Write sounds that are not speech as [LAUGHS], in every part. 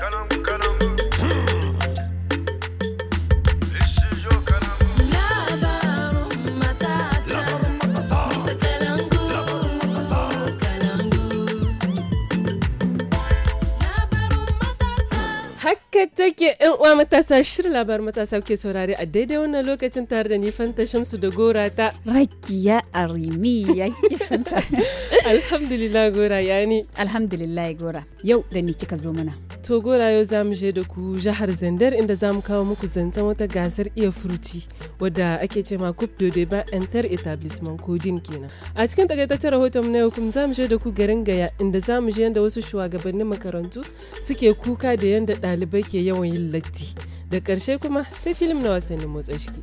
Can't Haka take ‘yan uwa matasa shirin labar matasa ke saurare a daidai wannan lokacin tare da ni Fanta Shamsu da Gora ta. Rakiya Arimi ya ke Fanta. [LAUGHS] Alhamdulillah Gora ya ni. Alhamdulillah Gora yau da ni kika zo mana. To Gora yau za mu je da ku jihar Zandar inda za mu kawo muku zancen wata gasar iya furuci wadda ake ce ma Coupe de Debat Inter Etablissement Coding kenan. A cikin takaitaccen rahoton na yau kuma za mu je da ku garin Gaya inda za mu je yanda wasu shugabannin makarantu suke kuka da yanda ɗalibai yake yawan yin latti da ƙarshe kuma sai filim na wasannin motsa jiki.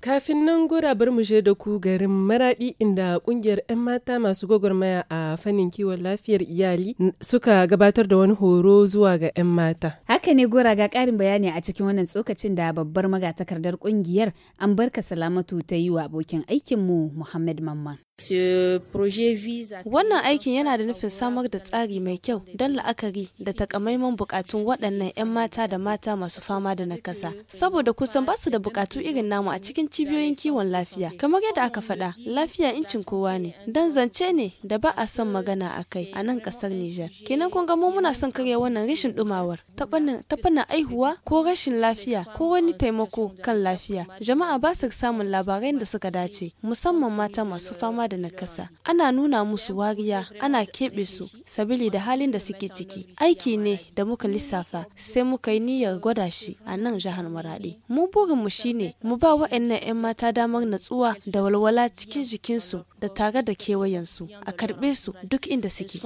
Kafin nan gora bar mu da ku garin Maradi inda kungiyar 'yan mata masu gwagwarmaya a fannin kiwon lafiyar iyali suka gabatar da wani horo zuwa ga 'yan mata. Haka ne gora ga ƙarin bayani a cikin wannan tsokacin da babbar magatakardar kungiyar an barka salamatu ta yi wa abokin aikinmu Muhammad Mamman. Wannan aikin yana da nufin samar da tsari mai kyau don la'akari da takamaiman bukatun waɗannan 'yan mata da mata masu fama da nakasa. Saboda kusan basu da bukatu irin namu a cikin cibiyoyin kiwon lafiya. Kamar yadda aka faɗa, lafiya incin kowa ne, don zance ne da ba a son magana a kai a nan ƙasar Nijar. Kenan kun ga mu muna son karya wannan rashin ɗumawar, ta aihuwa ko rashin lafiya ko wani taimako kan lafiya. Jama'a ba su samun labaran da suka dace, musamman mata masu fama fama da nakasa ana nuna musu wariya ana keɓe su sabili da halin da suke ciki aiki ne da muka lissafa sai muka yi niyyar gwada shi a nan jihar maraɗi mu burinmu shine mu ba waɗannan 'yan mata damar natsuwa da walwala cikin jikinsu da tare da kewayensu a karɓe su duk inda suke.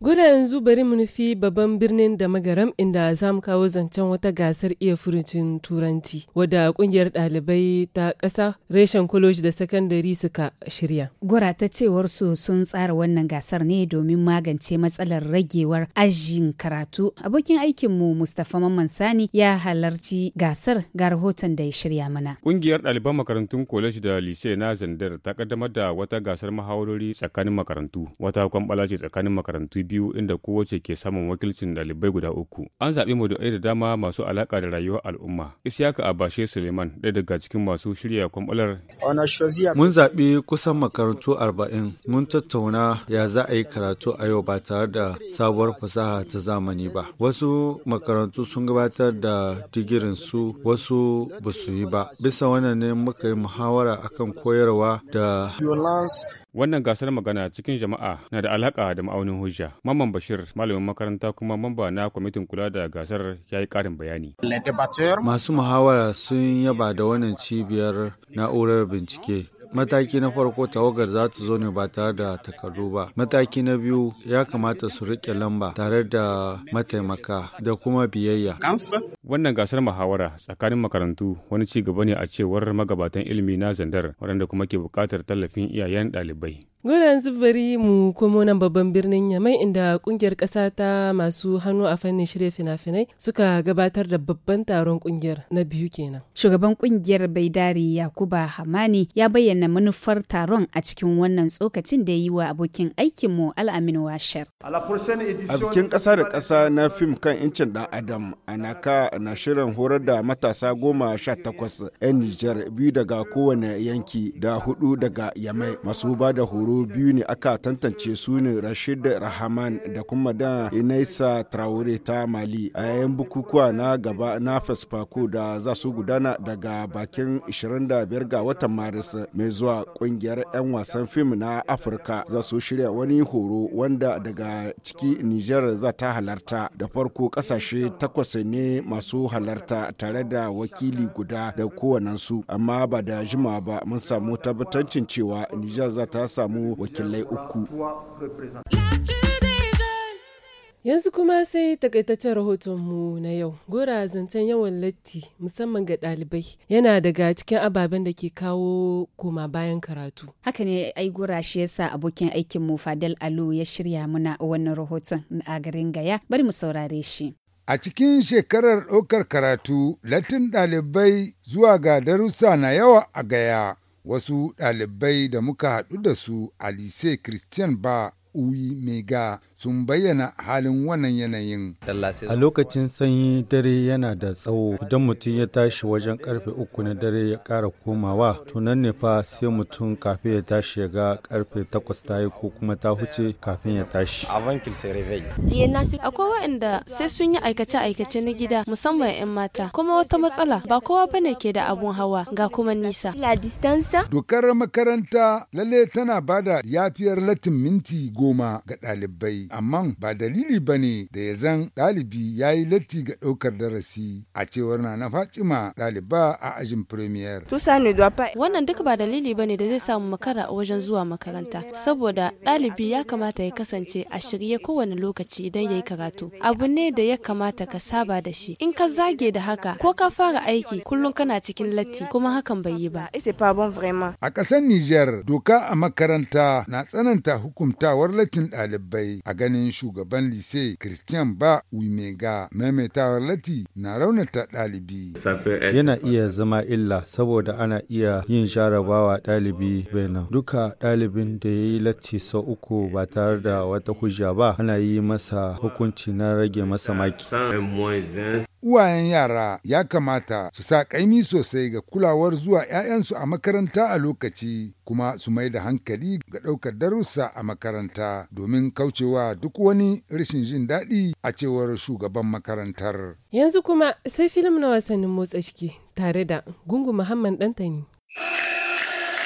gura yanzu bari mu nufi babban birnin da magaram inda za mu kawo zancen wata gasar iya furucin turanci wadda kungiyar ɗalibai ta ƙasa reshen college da sakandare suka shirya. Gura ta cewar su sun tsara wannan gasar ne domin magance matsalar ragewar ajin karatu. Abokin aikinmu Mustapha Mamman Sani ya halarci gasar ga rahoton da ya shirya mana. Kungiyar ɗaliban makarantun college da lise na Zandar ta kaddamar da wata gasar mahawarori tsakanin makarantu wata kwamɓala ce tsakanin makarantu biyu biyu inda kowace ke samun wakilcin ɗalibai guda uku. An zaɓi maudu'ai da dama masu alaƙa da rayuwar al'umma. isyaka Abashe Suleiman ɗaya daga cikin masu shirya kwamɓalar. Mun zaɓi kusan makarantu arba'in mun tattauna ya za a yi karatu a yau ba tare da sabuwar fasaha ta zamani ba. Wasu makarantu sun gabatar da digirin su wasu ba su yi ba. Bisa wannan ne muka yi muhawara akan koyarwa da Wannan gasar magana cikin jama'a na da alaka da ma'aunin hujja. Mamman Bashir, malamin makaranta kuma mamba na kwamitin kula da gasar ya yi ƙarin bayani. Masu muhawara sun yaba da wannan cibiyar na'urar bincike mataki na farko tawagar za ta zo ne ba tare da takardu ba mataki na biyu ya kamata su rike lamba tare da mataimaka da kuma biyayya wannan gasar muhawara tsakanin makarantu wani ci gaba ne a cewar magabatan ilimi na zandar waɗanda kuma ke buƙatar tallafin iyayen ɗalibai Gudan zubari mu komo nan babban birnin Yamai inda kungiyar ƙasa ta masu hannu a fannin shirya fina-finai suka gabatar da babban taron kungiyar na biyu kenan. Shugaban kungiyar Baidari Yakuba Hamani ya bayyana manufar taron a cikin wannan tsokacin da ya yi wa abokin aikinmu Al'amin Washer. A bikin ƙasa da ƙasa na fim kan incin ɗan Adam, naka na shirin horar da matasa goma sha takwas 'yan Nijar biyu daga kowane yanki da hudu daga Yamai masu ba da horo biyu ne aka tantance su ne Rashid Rahman da kuma da Inaisa Traore ta Mali a yayin bukukuwa na gaba na Fesfako da za su gudana daga bakin 25 ga watan Maris mai zuwa kungiyar 'yan wasan fim na Afirka za su shirya wani horo wanda daga ciki Nijar za ta halarta da farko kasashe takwas ne masu halarta tare da wakili guda da su amma ba da jima ba mun samu tabbatancin cewa Nijar za ta samu wakilai uku. Yanzu kuma sai takaitaccen rahotonmu na yau. Gora zancen yawan latti musamman ga ɗalibai yana daga cikin ababen da ke kawo koma bayan karatu. Haka ne ai gora shi yasa abokin aikin mu Fadel Alu ya shirya muna wannan rahoton a garin Gaya. Bari mu saurare shi. A cikin shekarar ɗaukar karatu, lattin ɗalibai zuwa ga darussa na yawa a Gaya. wasu ɗalibai da muka haɗu da su a lise christian ba uwi ga sun bayyana halin wannan yanayin a lokacin sanyi dare yana da tsawo idan mutum ya tashi wajen karfe uku na dare ya kara komawa tunan ne fa sai mutum kafin ya tashi ya ga karfe takwas ta yi ko kuma ta huce kafin ya tashi akwai waɗanda sai sun yi aikace-aikace na gida musamman 'yan mata kuma wata matsala ba kowa bane ke da abun hawa ga kuma nisa dokar makaranta lalle tana bada yafiyar latin minti go goma ga ɗalibai amma ba dalili ba ne da ya zan ɗalibi ya yi latti ga ɗaukar darasi a cewar na na fatima ɗaliba a ajin premier. wannan duk ba dalili ba ne da zai samu makara a wajen zuwa makaranta saboda ɗalibi ya kamata ya kasance a shirye kowane lokaci idan ya yi karatu abu ne da ya kamata ka saba da shi in ka zage da haka ko ka fara aiki kullum kana cikin latti kuma hakan bai yi ba. a ƙasar niger doka a makaranta na tsananta hukuntawar latin ɗalibai a ganin shugaban lise Christian Ba Wimega maimaitawar lati na raunata ɗalibi. Yana iya zama illa saboda ana iya yin jarabawa ɗalibi nan. Duka ɗalibin da ya yi latti sau uku ba tare da wata hujja ba ana yi masa hukunci na rage masa maki. uwayen yara ya kamata su sa ƙaimi sosai ga kulawar zuwa 'ya'yansu a makaranta a lokaci kuma su mai da hankali ga ɗaukar darussa a makaranta domin kaucewa duk wani rashin jin daɗi a cewar shugaban makarantar. Yanzu kuma sai filim na wasannin motsa ciki tare da Gungu Muhammad Ɗantani.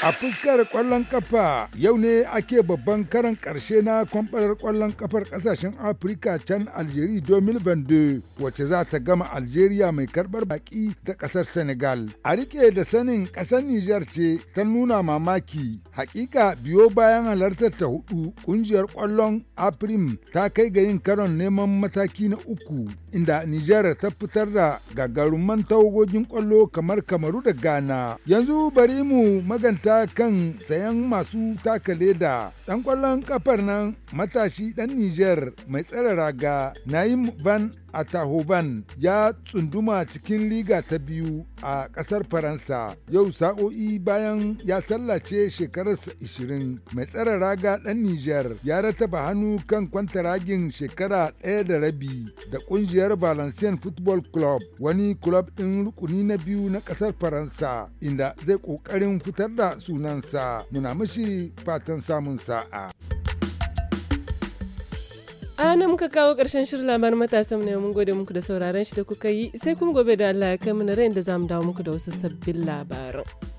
A fuskar kwallon kafa yau ne ake babban karan ƙarshe na kwamfarar kwallon kafar kasashen Afirka can Algeria 2022 wacce za ta gama Algeria mai karbar baki ta kasar Senegal. A riƙe da sanin ƙasar Nijar ce ta nuna mamaki. Hakika biyo bayan halartar ta hudu ƙungiyar kwallon Afrim ta kai ga yin karon neman mataki na uku inda Nijar ta fitar da gagarumman tawagogin kwallo kamar Kamaru da Ghana. Yanzu bari mu maganta ta kan sayan masu taka leda ɗan ƙwallon ƙafar nan matashi ɗan Nijar mai tsara raga Naim Van a Tahoban ya tsunduma cikin liga ta biyu a ƙasar Faransa yau sa'o'i bayan ya sallace shekararsa 20 mai tsara raga ɗan Nijar ya rataba hannu kan kwanta ragin shekara ɗaya da rabi da ƙungiyar Valencian Football Club wani club ɗin rukuni na biyu na ƙasar Faransa inda zai ƙoƙarin fitar da sunansa muna mishi fatan samun sa'a. a muka kawo ƙarshen shirin labarin matasan ne mun gode muku da sauraron shi da kuka yi sai kuma gobe da Allah ya kai mu na rain da zamu dawo muku da wasu sabbin labaran